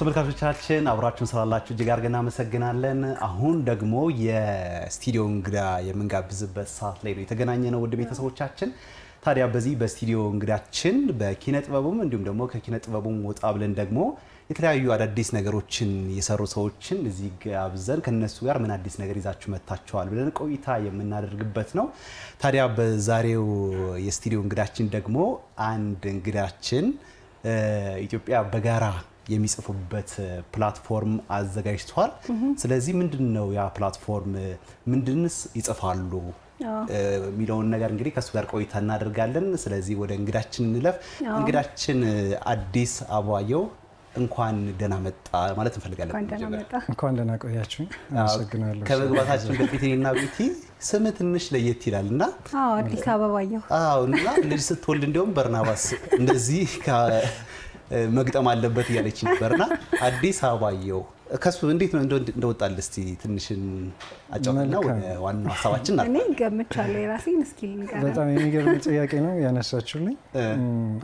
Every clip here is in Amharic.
ተመልካቾቻችን አብራችሁን ስላላችሁ እጅግ አድርገን እናመሰግናለን። አሁን ደግሞ የስቱዲዮ እንግዳ የምንጋብዝበት ሰዓት ላይ ነው የተገናኘ ነው ውድ ቤተሰቦቻችን። ታዲያ በዚህ በስቱዲዮ እንግዳችን በኪነ ጥበቡም እንዲሁም ደግሞ ከኪነ ጥበቡም ወጣ ብለን ደግሞ የተለያዩ አዳዲስ ነገሮችን የሰሩ ሰዎችን እዚህ ጋብዘን ከነሱ ጋር ምን አዲስ ነገር ይዛችሁ መጥታችኋል ብለን ቆይታ የምናደርግበት ነው። ታዲያ በዛሬው የስቱዲዮ እንግዳችን ደግሞ አንድ እንግዳችን ኢትዮጵያ በጋራ የሚጽፉበት ፕላትፎርም አዘጋጅቷል። ስለዚህ ምንድን ነው ያ ፕላትፎርም፣ ምንድንስ ይጽፋሉ የሚለውን ነገር እንግዲህ ከእሱ ጋር ቆይታ እናደርጋለን። ስለዚህ ወደ እንግዳችን እንለፍ። እንግዳችን አዲስ አበባየው እንኳን ደህና መጣ ማለት እንፈልጋለን። እንኳን ደህና ቆያችሁ። አመሰግናለሁ። ከመግባታችን በፊት እኔና ቤቲ ስም ትንሽ ለየት ይላል እና አዲስ አበባየሁ እና ልጅ ስትወልድ እንዲሁም በርናባስ እንደዚህ መግጠም አለበት እያለች ነበርና አዲስ አበባ አበባየው ከሱ እንዴት ነው እንደወጣል? እስቲ ትንሽን አጫውትና ወደ ዋናው ሀሳባችን ና። እኔ ገምቻለሁ የራሴን። እስኪ በጣም የሚገርም ጥያቄ ነው ያነሳችሁልኝ።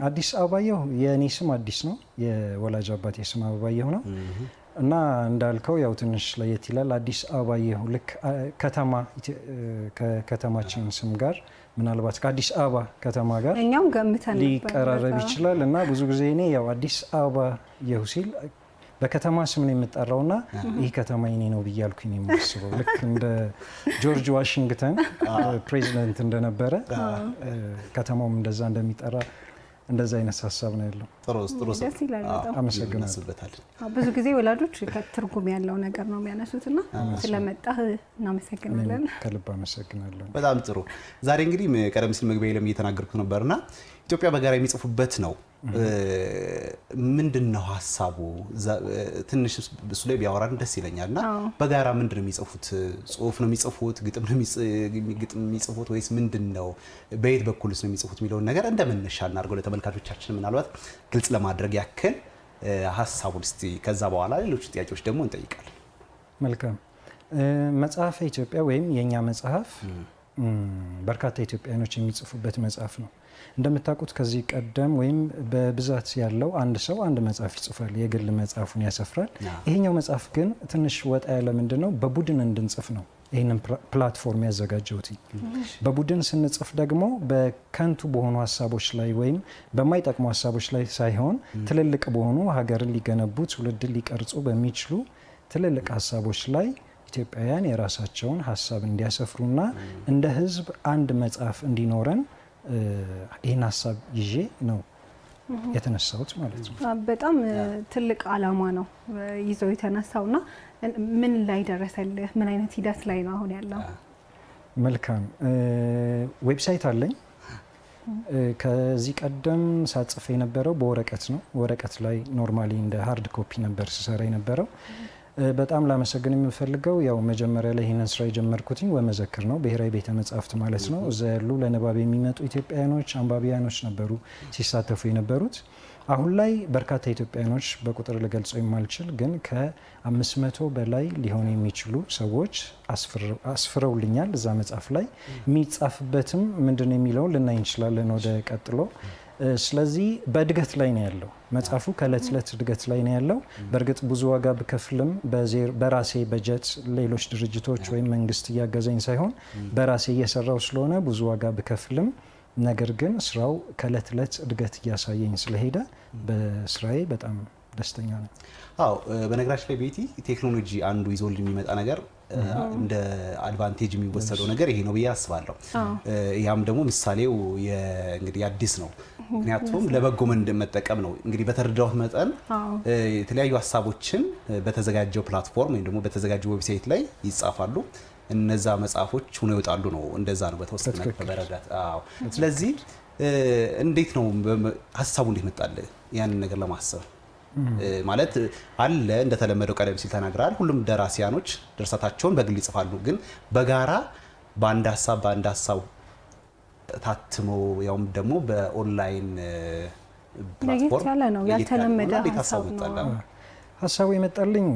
አዲስ አበባየሁ የእኔ ስም አዲስ ነው፣ የወላጅ አባቴ ስም አበባየሁ ነው እና እንዳልከው ያው ትንሽ ለየት ይላል። አዲስ አበባየሁ ልክ ከተማ ከከተማችን ስም ጋር ምናልባት ከአዲስ አበባ ከተማ ጋር እኛም ገምተን ሊቀራረብ ይችላል እና ብዙ ጊዜ እኔ ያው አዲስ አበባ የሁሲል በከተማ ስም ነው የምጠራው ና ይህ ከተማ የኔ ነው ብዬ አልኩኝ የማስበው። ልክ እንደ ጆርጅ ዋሽንግተን ፕሬዚደንት እንደነበረ ከተማውም እንደዛ እንደሚጠራ እንደዚህ አይነት ሀሳብ ነው ያለው። ጥሩ ጥሩ አመሰግናለሁ። ብዙ ጊዜ ወላጆች ከትርጉም ያለው ነገር ነው የሚያነሱት እና ስለመጣህ እናመሰግናለን። ከልብ አመሰግናለሁ። በጣም ጥሩ። ዛሬ እንግዲህ ቀደም ሲል መግቢያ ላይ እየተናገርኩት ነበርና ኢትዮጵያ በጋራ የሚጽፉበት ነው። ምንድን ነው ሀሳቡ? ትንሽ እሱ ላይ ቢያወራን ደስ ይለኛል። እና በጋራ ምንድን ነው የሚጽፉት? ጽሁፍ ነው የሚጽፉት? ግጥም ነው የሚጽፉት? ወይስ ምንድን ነው? በየት በኩልስ ነው የሚጽፉት የሚለውን ነገር እንደ መነሻ እናድርገው። ለተመልካቾቻችን ምናልባት ግልጽ ለማድረግ ያክል ሀሳቡን እስቲ፣ ከዛ በኋላ ሌሎች ጥያቄዎች ደግሞ እንጠይቃለን። መልካም መጽሐፈ ኢትዮጵያ ወይም የእኛ መጽሐፍ በርካታ ኢትዮጵያኖች የሚጽፉበት መጽሐፍ ነው። እንደምታውቁት ከዚህ ቀደም ወይም በብዛት ያለው አንድ ሰው አንድ መጽሐፍ ይጽፋል፣ የግል መጽሐፉን ያሰፍራል። ይሄኛው መጽሐፍ ግን ትንሽ ወጣ ያለ ምንድን ነው በቡድን እንድንጽፍ ነው ይህንን ፕላትፎርም ያዘጋጀሁት። በቡድን ስንጽፍ ደግሞ በከንቱ በሆኑ ሀሳቦች ላይ ወይም በማይጠቅሙ ሀሳቦች ላይ ሳይሆን ትልልቅ በሆኑ ሀገርን ሊገነቡ ትውልድን ሊቀርጹ በሚችሉ ትልልቅ ሀሳቦች ላይ ኢትዮጵያውያን የራሳቸውን ሀሳብ እንዲያሰፍሩና እንደ ሕዝብ አንድ መጽሐፍ እንዲኖረን ይህን ሀሳብ ይዤ ነው የተነሳሁት ማለት ነው። በጣም ትልቅ አላማ ነው ይዘው የተነሳው እና ምን ላይ ደረሰልህ? ምን አይነት ሂደት ላይ ነው አሁን ያለው? መልካም ዌብሳይት አለኝ። ከዚህ ቀደም ሳጽፍ የነበረው በወረቀት ነው። ወረቀት ላይ ኖርማሊ እንደ ሀርድ ኮፒ ነበር ስሰራ የነበረው። በጣም ላመሰግን የምፈልገው ያው መጀመሪያ ላይ ይህንን ስራ የጀመርኩትኝ ወመዘክር ነው፣ ብሔራዊ ቤተ መጻሕፍት ማለት ነው። እዛ ያሉ ለንባብ የሚመጡ ኢትዮጵያውያኖች አንባቢያኖች ነበሩ ሲሳተፉ የነበሩት። አሁን ላይ በርካታ ኢትዮጵያውያኖች በቁጥር ልገልጸው የማልችል ግን ከ500 በላይ ሊሆኑ የሚችሉ ሰዎች አስፍረውልኛል። እዛ መጽሐፍ ላይ የሚጻፍበትም ምንድን ነው የሚለውን ልናይ እንችላለን ወደ ቀጥሎ ስለዚህ በእድገት ላይ ነው ያለው መጽሐፉ ከእለት እለት እድገት ላይ ነው ያለው። በእርግጥ ብዙ ዋጋ ብከፍልም በራሴ በጀት ሌሎች ድርጅቶች ወይም መንግስት እያገዘኝ ሳይሆን በራሴ እየሰራው ስለሆነ ብዙ ዋጋ ብከፍልም ነገር ግን ስራው ከእለት እለት እድገት እያሳየኝ ስለሄደ በስራዬ በጣም ደስተኛ ነው። አዎ በነገራችን ላይ ቤቲ ቴክኖሎጂ አንዱ ይዞልን የሚመጣ ነገር እንደ አድቫንቴጅ የሚወሰደው ነገር ይሄ ነው ብዬ አስባለሁ። ያም ደግሞ ምሳሌው እንግዲህ አዲስ ነው። ምክንያቱም ለበጎ መጠቀም ነው። እንግዲህ በተረዳሁት መጠን የተለያዩ ሀሳቦችን በተዘጋጀው ፕላትፎርም ወይም ደግሞ በተዘጋጀው ዌብሳይት ላይ ይጻፋሉ። እነዛ መጽሐፎች ሆነው ይወጣሉ ነው። እንደዛ ነው በተወሰነ በመረዳት። ስለዚህ እንዴት ነው ሀሳቡ እንዴት መጣለ ያንን ነገር ለማሰብ ማለት አለ እንደተለመደው ቀደም ሲል ተናግራል። ሁሉም ደራሲያኖች ድርሰታቸውን በግል ይጽፋሉ፣ ግን በጋራ በአንድ ሀሳብ በአንድ ሀሳብ ታትሞ ያውም ደግሞ በኦንላይን ፕላትፎርም ያለ ነው። ያልተለመደ ሀሳብ ነው። ሀሳቡ የመጣልኝ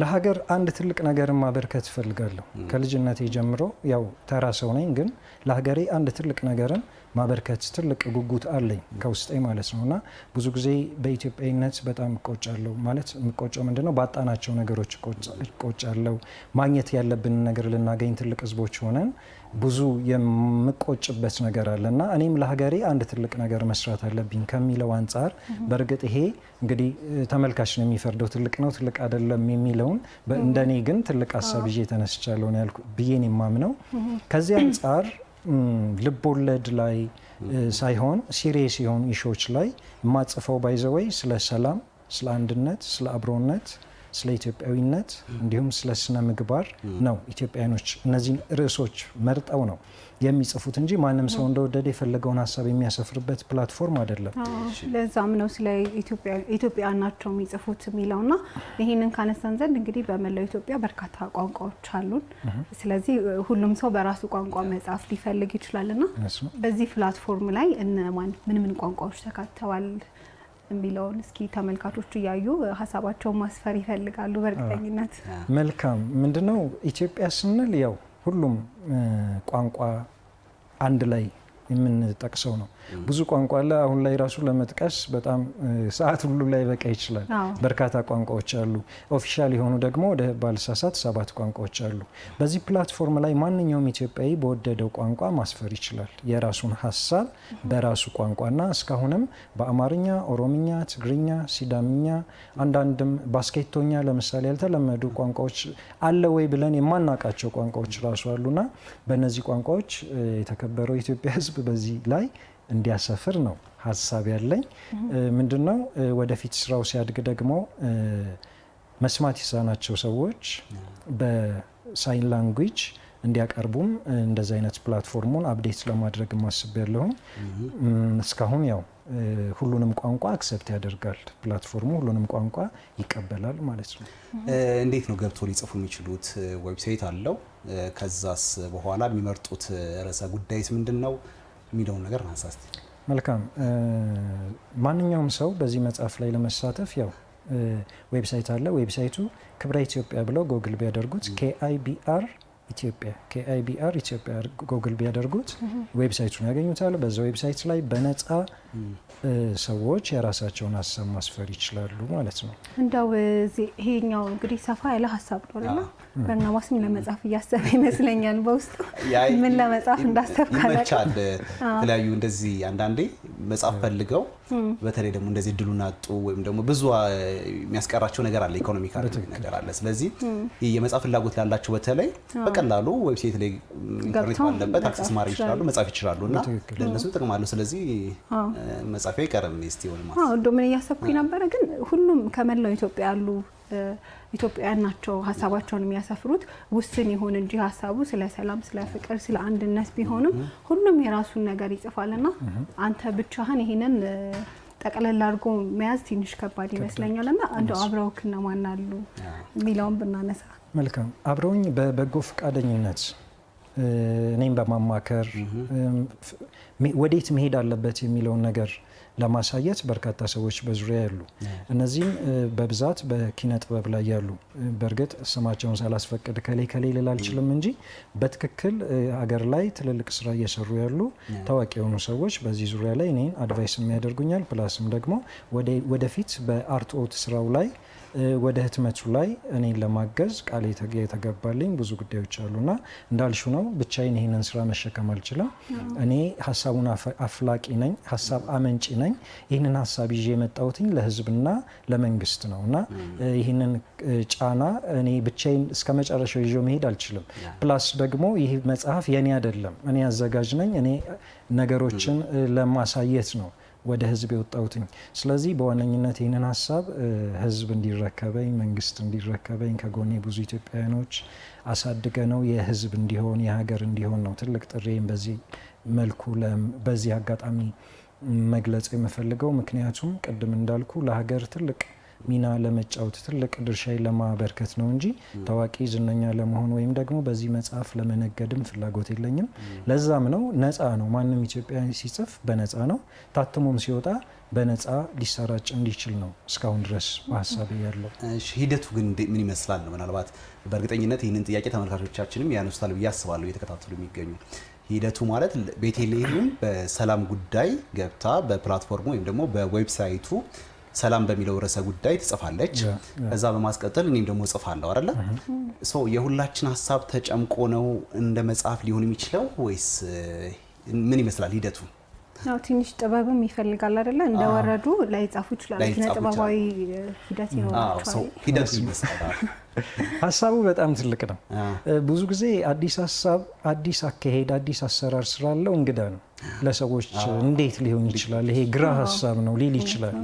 ለሀገር አንድ ትልቅ ነገርን ማበርከት እፈልጋለሁ። ከልጅነቴ ጀምሮ ያው ተራ ሰው ነኝ፣ ግን ለሀገሬ አንድ ትልቅ ነገርን ማበርከት ትልቅ ጉጉት አለኝ ከውስጤ ማለት ነው። እና ብዙ ጊዜ በኢትዮጵያዊነት በጣም እቆጫለሁ። ማለት የምቆጨው ምንድነው? ባጣናቸው ነገሮች እቆጫለሁ። ማግኘት ያለብንን ነገር ልናገኝ ትልቅ ህዝቦች ሆነን ብዙ የምቆጭበት ነገር አለ እና እኔም ለሀገሬ አንድ ትልቅ ነገር መስራት አለብኝ ከሚለው አንጻር በእርግጥ ይሄ እንግዲህ ተመልካች ነው የሚፈርደው፣ ትልቅ ነው ትልቅ አይደለም የሚለውን እንደኔ ግን ትልቅ ሀሳብ ይዤ ተነስቻለሁ ያልኩ ብዬን የማምነው ከዚህ አንጻር ልቦለድ ላይ ሳይሆን ሲሪየስ የሆኑ ኢሾዎች ላይ የማጽፈው ባይዘወይ ስለ ሰላም፣ ስለ አንድነት፣ ስለ አብሮነት ስለ ኢትዮጵያዊነት እንዲሁም ስለ ስነ ምግባር ነው ኢትዮጵያውያኖች እነዚህን ርዕሶች መርጠው ነው የሚጽፉት እንጂ ማንም ሰው እንደወደደ የፈለገውን ሀሳብ የሚያሰፍርበት ፕላትፎርም አይደለም። ለዛም ነው ስለ ኢትዮጵያ ናቸው የሚጽፉት የሚለው ና ይህንን ካነሳን ዘንድ እንግዲህ በመላው ኢትዮጵያ በርካታ ቋንቋዎች አሉን። ስለዚህ ሁሉም ሰው በራሱ ቋንቋ መጽሐፍ ሊፈልግ ይችላል ና በዚህ ፕላትፎርም ላይ እነማን ምን ምን ቋንቋዎች ተካተዋል የሚለውን እስኪ ተመልካቾቹ እያዩ ሀሳባቸውን ማስፈር ይፈልጋሉ። በእርግጠኝነት መልካም ምንድነው ኢትዮጵያ ስንል ያው ሁሉም ቋንቋ አንድ ላይ የምንጠቅሰው ነው። ብዙ ቋንቋ አለ። አሁን ላይ ራሱ ለመጥቀስ በጣም ሰዓት ሁሉ ላይ በቃ ይችላል። በርካታ ቋንቋዎች አሉ። ኦፊሻል የሆኑ ደግሞ ወደ ባልሳሳት ሰባት ቋንቋዎች አሉ። በዚህ ፕላትፎርም ላይ ማንኛውም ኢትዮጵያዊ በወደደው ቋንቋ ማስፈር ይችላል የራሱን ሀሳብ በራሱ ቋንቋና እስካሁንም በአማርኛ፣ ኦሮምኛ፣ ትግርኛ፣ ሲዳምኛ አንዳንድም ባስኬቶኛ ለምሳሌ ያልተለመዱ ቋንቋዎች አለ ወይ ብለን የማናውቃቸው ቋንቋዎች ራሱ አሉና በእነዚህ ቋንቋዎች የተከበረው ኢትዮጵያ ሕዝብ ህዝብ በዚህ ላይ እንዲያሰፍር ነው ሀሳብ ያለኝ። ምንድነው ወደፊት ስራው ሲያድግ ደግሞ መስማት የተሳናቸው ሰዎች በሳይን ላንጉጅ እንዲያቀርቡም እንደዚህ አይነት ፕላትፎርሙን አፕዴት ለማድረግ ማስብ ያለሁኝ። እስካሁን ያው ሁሉንም ቋንቋ አክሰፕት ያደርጋል ፕላትፎርሙ፣ ሁሉንም ቋንቋ ይቀበላል ማለት ነው። እንዴት ነው ገብቶ ሊጽፉ የሚችሉት? ዌብሳይት አለው። ከዛስ በኋላ የሚመርጡት ርዕሰ ጉዳይስ ምንድን ነው? የሚለውን ነገር ማንሳት መልካም። ማንኛውም ሰው በዚህ መጽሐፍ ላይ ለመሳተፍ ያው ዌብሳይት አለ። ዌብሳይቱ ክብረ ኢትዮጵያ ብለው ጎግል ቢያደርጉት ኬአይቢአር ኢትዮጵያ ኬአይቢአር ኢትዮጵያ ጎግል ቢያደርጉት ዌብሳይቱን ያገኙታል። በዛ ዌብሳይት ላይ በነፃ ሰዎች የራሳቸውን ሀሳብ ማስፈር ይችላሉ ማለት ነው። እንደው ይሄኛው እንግዲህ ሰፋ ያለ ሀሳብ ነው ነውና በርናባስም ለመጻፍ እያሰበ ይመስለኛል። በውስጡ ምን ለመጻፍ እንዳሰብ ይመቻል። የተለያዩ እንደዚህ አንዳንዴ መጻፍ ፈልገው በተለይ ደግሞ እንደዚህ እድሉን አጡ ወይም ደግሞ ብዙ የሚያስቀራቸው ነገር አለ፣ ኢኮኖሚካል ነገር አለ። ስለዚህ የመጻፍ ፍላጎት ላላቸው በተለይ በቀላሉ ዌብሳይት ላይ ኢንተርኔት ባለበት አክሰስ ማድረግ ይችላሉ፣ መጻፍ ይችላሉ እና ለእነሱ ጥቅም አለው። ስለዚህ መጻፊያ አይቀርም። እስቲ ወልማ እንዶ ነበረ፣ ግን ሁሉም ከመላው ኢትዮጵያ ያሉ ኢትዮጵያውያን ናቸው ሀሳባቸውን የሚያሰፍሩት። ውስን ይሁን እንጂ ሀሳቡ ስለ ሰላም፣ ስለ ፍቅር፣ ስለ አንድነት ቢሆንም ሁሉም የራሱን ነገር ይጽፋልና አንተ ብቻህን ይህንን ጠቅለል አድርጎ መያዝ ትንሽ ከባድ ይመስለኛል እና እንደው አብረውክ እነማን አሉ የሚለውን ብናነሳ መልካም። አብረውኝ በበጎ ፈቃደኝነት እኔም በማማከር ወዴት መሄድ አለበት የሚለውን ነገር ለማሳየት በርካታ ሰዎች በዙሪያ ያሉ እነዚህም በብዛት በኪነ ጥበብ ላይ ያሉ በእርግጥ ስማቸውን ሳላስፈቅድ ከሌ ከሌ ልል አልችልም እንጂ በትክክል ሀገር ላይ ትልልቅ ስራ እየሰሩ ያሉ ታዋቂ የሆኑ ሰዎች በዚህ ዙሪያ ላይ እኔ አድቫይስ የሚያደርጉኛል ፕላስም ደግሞ ወደፊት በአርትኦት ስራው ላይ ወደ ህትመቱ ላይ እኔን ለማገዝ ቃል የተገባልኝ ብዙ ጉዳዮች አሉና እንዳልሹ ነው። ብቻዬን ይህንን ስራ መሸከም አልችልም። እኔ ሀሳቡን አፍላቂ ነኝ፣ ሀሳብ አመንጪ ነኝ። ይህንን ሀሳብ ይዤ የመጣሁትኝ ለህዝብና ለመንግስት ነው እና ይህንን ጫና እኔ ብቻዬን እስከ መጨረሻው ይዤ መሄድ አልችልም። ፕላስ ደግሞ ይህ መጽሐፍ የኔ አይደለም። እኔ አዘጋጅ ነኝ። እኔ ነገሮችን ለማሳየት ነው ወደ ህዝብ የወጣሁትኝ። ስለዚህ በዋነኝነት ይህንን ሀሳብ ህዝብ እንዲረከበኝ፣ መንግስት እንዲረከበኝ ከጎኔ ብዙ ኢትዮጵያውያኖች አሳድገ ነው የህዝብ እንዲሆን የሀገር እንዲሆን ነው ትልቅ ጥሬም በዚህ መልኩ በዚህ አጋጣሚ መግለጽ የምፈልገው። ምክንያቱም ቅድም እንዳልኩ ለሀገር ትልቅ ሚና ለመጫወት ትልቅ ድርሻ ለማበርከት ነው እንጂ ታዋቂ ዝነኛ ለመሆን ወይም ደግሞ በዚህ መጽሐፍ ለመነገድም ፍላጎት የለኝም። ለዛም ነው ነፃ ነው። ማንም ኢትዮጵያዊ ሲጽፍ በነፃ ነው። ታትሞም ሲወጣ በነፃ ሊሰራጭ እንዲችል ነው እስካሁን ድረስ በሀሳቤ ያለው። ሂደቱ ግን ምን ይመስላል ነው። ምናልባት በእርግጠኝነት ይህንን ጥያቄ ተመልካቾቻችንም ያነሱታል ብዬ አስባለሁ እየተከታተሉ የሚገኙ ሂደቱ ማለት ቤቴሌሄም በሰላም ጉዳይ ገብታ በፕላትፎርሙ ወይም ደግሞ በዌብሳይቱ ሰላም በሚለው ርዕሰ ጉዳይ ትጽፋለች። ከዛ በማስቀጠል እኔም ደግሞ እጽፋለሁ አይደለ? ሶ የሁላችን ሀሳብ ተጨምቆ ነው እንደ መጽሐፍ ሊሆን የሚችለው ወይስ ምን ይመስላል ሂደቱ? ያው ትንሽ ጥበብም ይፈልጋል አይደለ? እንደወረዱ ላይጻፉ ይችላል። ኪነ ጥበባዊ ሂደት ይኖራቸዋል። ሂደቱ ይመስላል ሀሳቡ በጣም ትልቅ ነው። ብዙ ጊዜ አዲስ ሀሳብ፣ አዲስ አካሄድ፣ አዲስ አሰራር ስላለው እንግዳ ነው ለሰዎች። እንዴት ሊሆን ይችላል ይሄ ግራ ሀሳብ ነው ሊል ይችላል።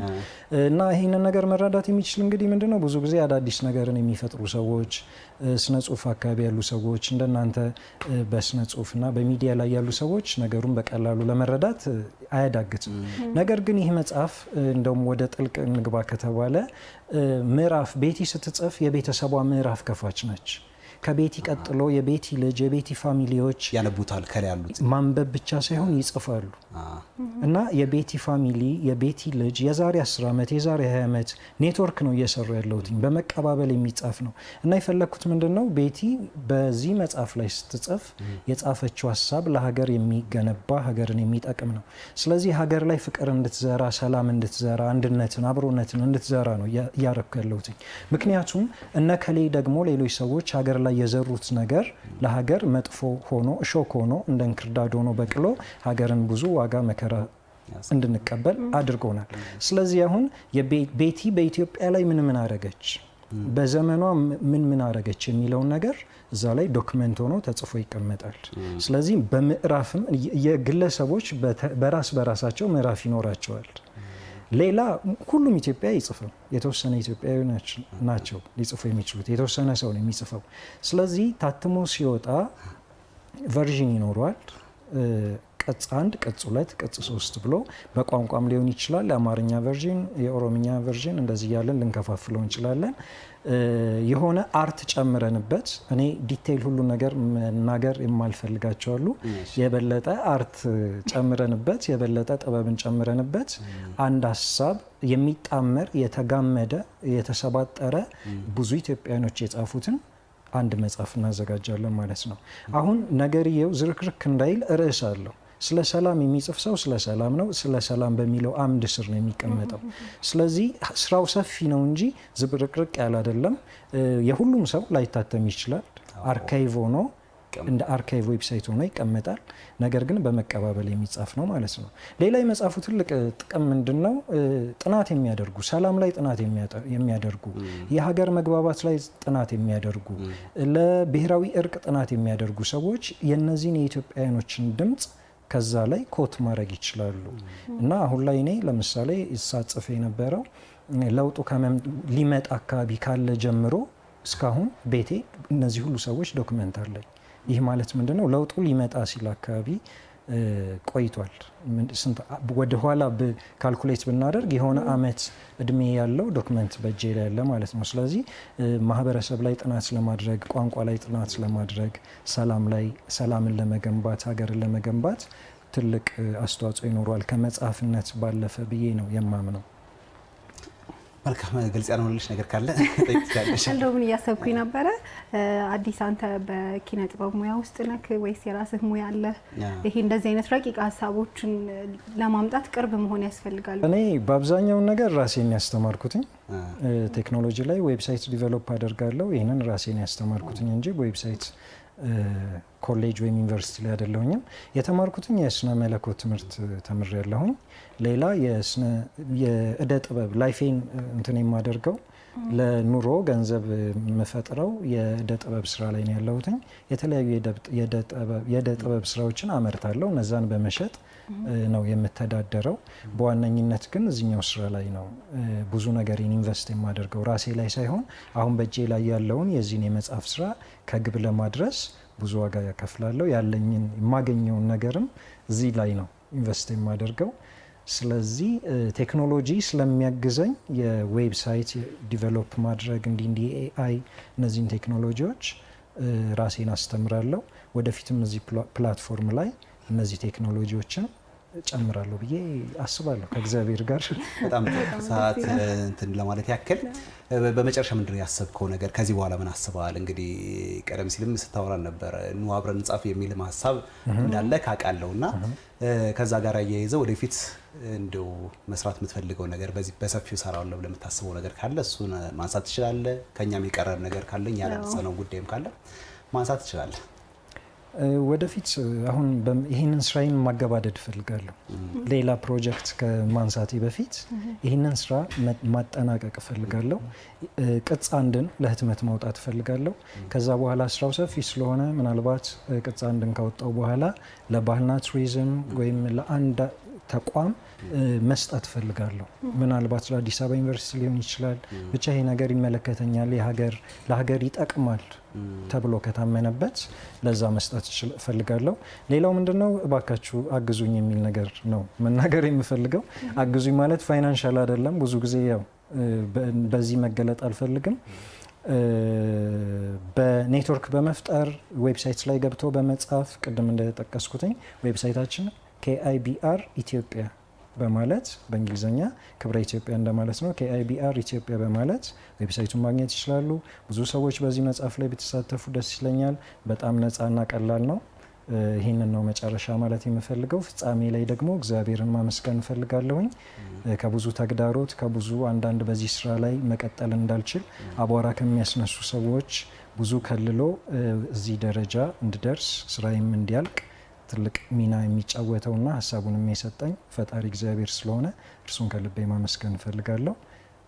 እና ይህንን ነገር መረዳት የሚችል እንግዲህ ምንድን ነው ብዙ ጊዜ አዳዲስ ነገርን የሚፈጥሩ ሰዎች፣ ስነ ጽሁፍ አካባቢ ያሉ ሰዎች እንደናንተ በስነ ጽሁፍና በሚዲያ ላይ ያሉ ሰዎች ነገሩን በቀላሉ ለመረዳት አያዳግትም። ነገር ግን ይህ መጽሐፍ እንደውም ወደ ጥልቅ እንግባ ከተባለ ምዕራፍ ቤቲ ስትጽፍ የቤተሰቧ ምዕራፍ ከፋች ነች። ከቤቲ ቀጥሎ የቤቲ ልጅ የቤቲ ፋሚሊዎች ያነቡታል። ከላይ ያሉት ማንበብ ብቻ ሳይሆን ይጽፋሉ። እና የቤቲ ፋሚሊ የቤቲ ልጅ የዛሬ 10 ዓመት የዛሬ 20 ዓመት ኔትወርክ ነው እየሰሩ ያለሁት በመቀባበል የሚጻፍ ነው እና የፈለግኩት ምንድን ነው ቤቲ በዚህ መጽሐፍ ላይ ስትጽፍ የጻፈችው ሀሳብ ለሀገር የሚገነባ ሀገርን የሚጠቅም ነው። ስለዚህ ሀገር ላይ ፍቅር እንድትዘራ፣ ሰላም እንድትዘራ፣ አንድነትን፣ አብሮነትን እንድትዘራ ነው እያረኩ ያለሁት ምክንያቱም እነ ከሌ ደግሞ ሌሎች ሰዎች ሀገር ላይ የዘሩት ነገር ለሀገር መጥፎ ሆኖ እሾክ ሆኖ እንደ እንክርዳድ ሆኖ በቅሎ ሀገርን ብዙ ዋጋ መከራ እንድንቀበል አድርጎናል። ስለዚህ አሁን ቤቲ በኢትዮጵያ ላይ ምን ምን አረገች፣ በዘመኗ ምን ምን አረገች የሚለውን ነገር እዛ ላይ ዶክመንት ሆኖ ተጽፎ ይቀመጣል። ስለዚህ በምዕራፍም የግለሰቦች በራስ በራሳቸው ምዕራፍ ይኖራቸዋል። ሌላ ሁሉም ኢትዮጵያ አይጽፍም። የተወሰነ ኢትዮጵያዊ ናቸው ሊጽፉ የሚችሉት፣ የተወሰነ ሰው ነው የሚጽፈው። ስለዚህ ታትሞ ሲወጣ ቨርዥን ይኖረዋል። ቅጽ አንድ ቅጽ ሁለት ቅጽ ሶስት ብሎ በቋንቋም ሊሆን ይችላል። የአማርኛ ቨርዥን፣ የኦሮምኛ ቨርዥን እንደዚህ እያለን ልንከፋፍለው እንችላለን። የሆነ አርት ጨምረንበት እኔ ዲቴይል ሁሉ ነገር መናገር የማልፈልጋቸው አሉ። የበለጠ አርት ጨምረንበት የበለጠ ጥበብን ጨምረንበት አንድ ሀሳብ የሚጣመር የተጋመደ የተሰባጠረ ብዙ ኢትዮጵያኖች የጻፉትን አንድ መጽሐፍ እናዘጋጃለን ማለት ነው። አሁን ነገርየው ዝርክርክ እንዳይል ርዕስ አለው። ስለ ሰላም የሚጽፍ ሰው ስለ ሰላም ነው፣ ስለ ሰላም በሚለው አምድ ስር ነው የሚቀመጠው። ስለዚህ ስራው ሰፊ ነው እንጂ ዝብርቅርቅ ያለ አይደለም። የሁሉም ሰው ላይታተም ይችላል። አርካይቭ ሆኖ እንደ አርካይቭ ዌብሳይት ሆኖ ይቀመጣል። ነገር ግን በመቀባበል የሚጻፍ ነው ማለት ነው። ሌላ የመጽሐፉ ትልቅ ጥቅም ምንድን ነው? ጥናት የሚያደርጉ ሰላም ላይ ጥናት የሚያደርጉ የሀገር መግባባት ላይ ጥናት የሚያደርጉ ለብሔራዊ እርቅ ጥናት የሚያደርጉ ሰዎች የእነዚህን የኢትዮጵያውያኖችን ድምፅ ከዛ ላይ ኮት ማድረግ ይችላሉ። እና አሁን ላይ እኔ ለምሳሌ እሳጽፍ የነበረው ለውጡ ሊመጣ አካባቢ ካለ ጀምሮ እስካሁን ቤቴ እነዚህ ሁሉ ሰዎች ዶክመንት አለኝ። ይህ ማለት ምንድነው? ለውጡ ሊመጣ ሲል አካባቢ ቆይቷል። ወደ ኋላ ካልኩሌት ብናደርግ የሆነ አመት እድሜ ያለው ዶክመንት በእጄ ላይ ያለ ማለት ነው። ስለዚህ ማህበረሰብ ላይ ጥናት ለማድረግ ቋንቋ ላይ ጥናት ለማድረግ ሰላም ላይ ሰላምን ለመገንባት ሀገርን ለመገንባት ትልቅ አስተዋጽኦ ይኖረዋል ከመጽሐፍነት ባለፈ ብዬ ነው የማምነው። መልካም ግልጽ ያልሆነልሽ ነገር ካለ ጠይቅቻለሽ። እንደው ምን እያሰብኩኝ ነበረ፣ አዲስ አንተ በኪነ ጥበብ ሙያ ውስጥ ነክ ወይስ የራስህ ሙያ አለ? ይሄ እንደዚህ አይነት ረቂቅ ሀሳቦችን ለማምጣት ቅርብ መሆን ያስፈልጋል። እኔ በአብዛኛውን ነገር ራሴን ያስተማርኩትኝ ቴክኖሎጂ ላይ ዌብሳይት ዲቨሎፕ አደርጋለሁ። ይህንን ራሴን ያስተማርኩትኝ እንጂ ዌብሳይት ኮሌጅ ወይም ዩኒቨርሲቲ ላይ አይደለሁኝም የተማርኩትኝ የስነ መለኮት ትምህርት ተምሬ ያለሁኝ። ሌላ የእደ ጥበብ ላይፌን እንትን የማደርገው ለኑሮ ገንዘብ የምፈጥረው የእደ ጥበብ ስራ ላይ ነው ያለሁትኝ። የተለያዩ የእደ ጥበብ ስራዎችን አመርታለሁ። እነዛን በመሸጥ ነው የምተዳደረው። በዋነኝነት ግን እዚኛው ስራ ላይ ነው ብዙ ነገሬን ኢንቨስት የማደርገው ራሴ ላይ ሳይሆን አሁን በእጄ ላይ ያለውን የዚህን የመጽሐፍ ስራ ከግብ ለማድረስ ብዙ ዋጋ ያከፍላለሁ። ያለኝን የማገኘውን ነገርም እዚህ ላይ ነው ኢንቨስት የማደርገው። ስለዚህ ቴክኖሎጂ ስለሚያግዘኝ የዌብሳይት ዲቨሎፕ ማድረግ እንዲ እንዲ ኤአይ እነዚህን ቴክኖሎጂዎች ራሴን አስተምራለሁ። ወደፊትም እዚህ ፕላትፎርም ላይ እነዚህ ቴክኖሎጂዎችን ጨምራለሁ ብዬ አስባለሁ ከእግዚአብሔር ጋር በጣም ሰዓት እንትን ለማለት ያክል በመጨረሻ ምንድን ነው ያሰብከው ነገር ከዚህ በኋላ ምን አስበሃል እንግዲህ ቀደም ሲልም ስታወራን ነበረ ኑ አብረን እንጻፍ የሚል ሀሳብ እንዳለ ካውቃለሁ እና ከዛ ጋር አያይዘው ወደፊት እንደው መስራት የምትፈልገው ነገር በዚህ በሰፊው እሰራዋለሁ ብለህ የምታስበው ነገር ካለ እሱን ማንሳት ትችላለህ ከእኛም የቀረብ ነገር ካለ እኛ ያላነሳነው ጉዳይም ካለ ማንሳት ትችላለህ ወደፊት አሁን ይህንን ስራዬን ማገባደድ እፈልጋለሁ። ሌላ ፕሮጀክት ከማንሳቴ በፊት ይህንን ስራ ማጠናቀቅ እፈልጋለሁ። ቅጽ አንድን ለህትመት ማውጣት እፈልጋለሁ። ከዛ በኋላ ስራው ሰፊ ስለሆነ ምናልባት ቅጽ አንድን ካወጣው በኋላ ለባህልና ቱሪዝም ወይም ለአንድ ተቋም መስጠት ፈልጋለሁ። ምናልባት ለአዲስ አበባ ዩኒቨርሲቲ ሊሆን ይችላል። ብቻ ይሄ ነገር ይመለከተኛል፣ ለሀገር ይጠቅማል ተብሎ ከታመነበት ለዛ መስጠት ፈልጋለሁ። ሌላው ምንድነው እባካችሁ አግዙኝ የሚል ነገር ነው መናገር የምፈልገው። አግዙኝ ማለት ፋይናንሻል አይደለም። ብዙ ጊዜ ያው በዚህ መገለጥ አልፈልግም። በኔትወርክ በመፍጠር ዌብሳይት ላይ ገብቶ በመጻፍ ቅድም እንደጠቀስኩትኝ ዌብሳይታችን ኬአይቢአር ኢትዮጵያ በማለት በእንግሊዝኛ ክብረ ኢትዮጵያ እንደማለት ነው። ኬአይቢአር ኢትዮጵያ በማለት ዌብሳይቱን ማግኘት ይችላሉ። ብዙ ሰዎች በዚህ መጽሐፍ ላይ ቢተሳተፉ ደስ ይለኛል። በጣም ነጻና ቀላል ነው። ይህንን ነው መጨረሻ ማለት የምፈልገው። ፍጻሜ ላይ ደግሞ እግዚአብሔርን ማመስገን እንፈልጋለሁኝ። ከብዙ ተግዳሮት ከብዙ አንዳንድ በዚህ ስራ ላይ መቀጠል እንዳልችል አቧራ ከሚያስነሱ ሰዎች ብዙ ከልሎ እዚህ ደረጃ እንድደርስ ስራዬም እንዲያልቅ ትልቅ ሚና የሚጫወተውና ሀሳቡንም የሰጠኝ ፈጣሪ እግዚአብሔር ስለሆነ እርሱን ከልቤ ማመስገን እፈልጋለሁ።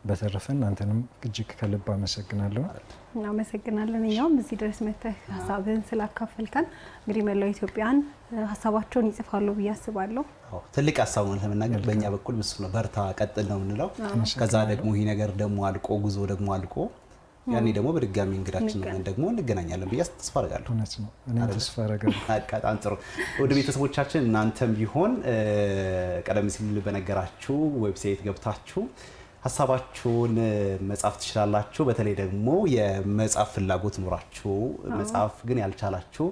በተረፈ እናንተንም እጅግ ከልብ አመሰግናለሁ። እናመሰግናለን። እኛውም እዚህ ድረስ መጥተህ ሀሳብህን ስላካፈልከን። እንግዲህ መላው ኢትዮጵያን ሀሳባቸውን ይጽፋሉ ብዬ አስባለሁ። ትልቅ ሀሳብ ነው ለመናገር በእኛ በኩል ምስ በርታ፣ ቀጥል ነው የምንለው። ከዛ ደግሞ ይህ ነገር ደግሞ አልቆ ጉዞ ደግሞ አልቆ ያኔ ደግሞ በድጋሚ እንግዳችን ሆነን ደግሞ እንገናኛለን ብዬ ተስፋ አደርጋለሁ። እውነት ነው፣ እኔም ተስፋ አደርጋለሁ። በጣም ጥሩ። ወደ ቤተሰቦቻችን እናንተም ቢሆን ቀደም ሲል በነገራችሁ ዌብሳይት ገብታችሁ ሀሳባችሁን መጻፍ ትችላላችሁ። በተለይ ደግሞ የመጻፍ ፍላጎት ኑራችሁ መጻፍ ግን ያልቻላችሁ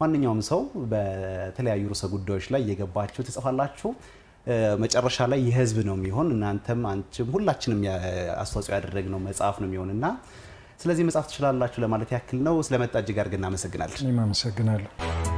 ማንኛውም ሰው በተለያዩ ርዕሰ ጉዳዮች ላይ እየገባችሁ ትጽፋላችሁ። መጨረሻ ላይ የህዝብ ነው የሚሆን። እናንተም አንቺም ሁላችንም አስተዋጽኦ ያደረግነው መጽሐፍ ነው የሚሆንና ስለዚህ መጻፍ ትችላላችሁ ለማለት ያክል ነው። ስለመጣ እጅግ አድርገን እናመሰግናለን። እኔም አመሰግናለሁ።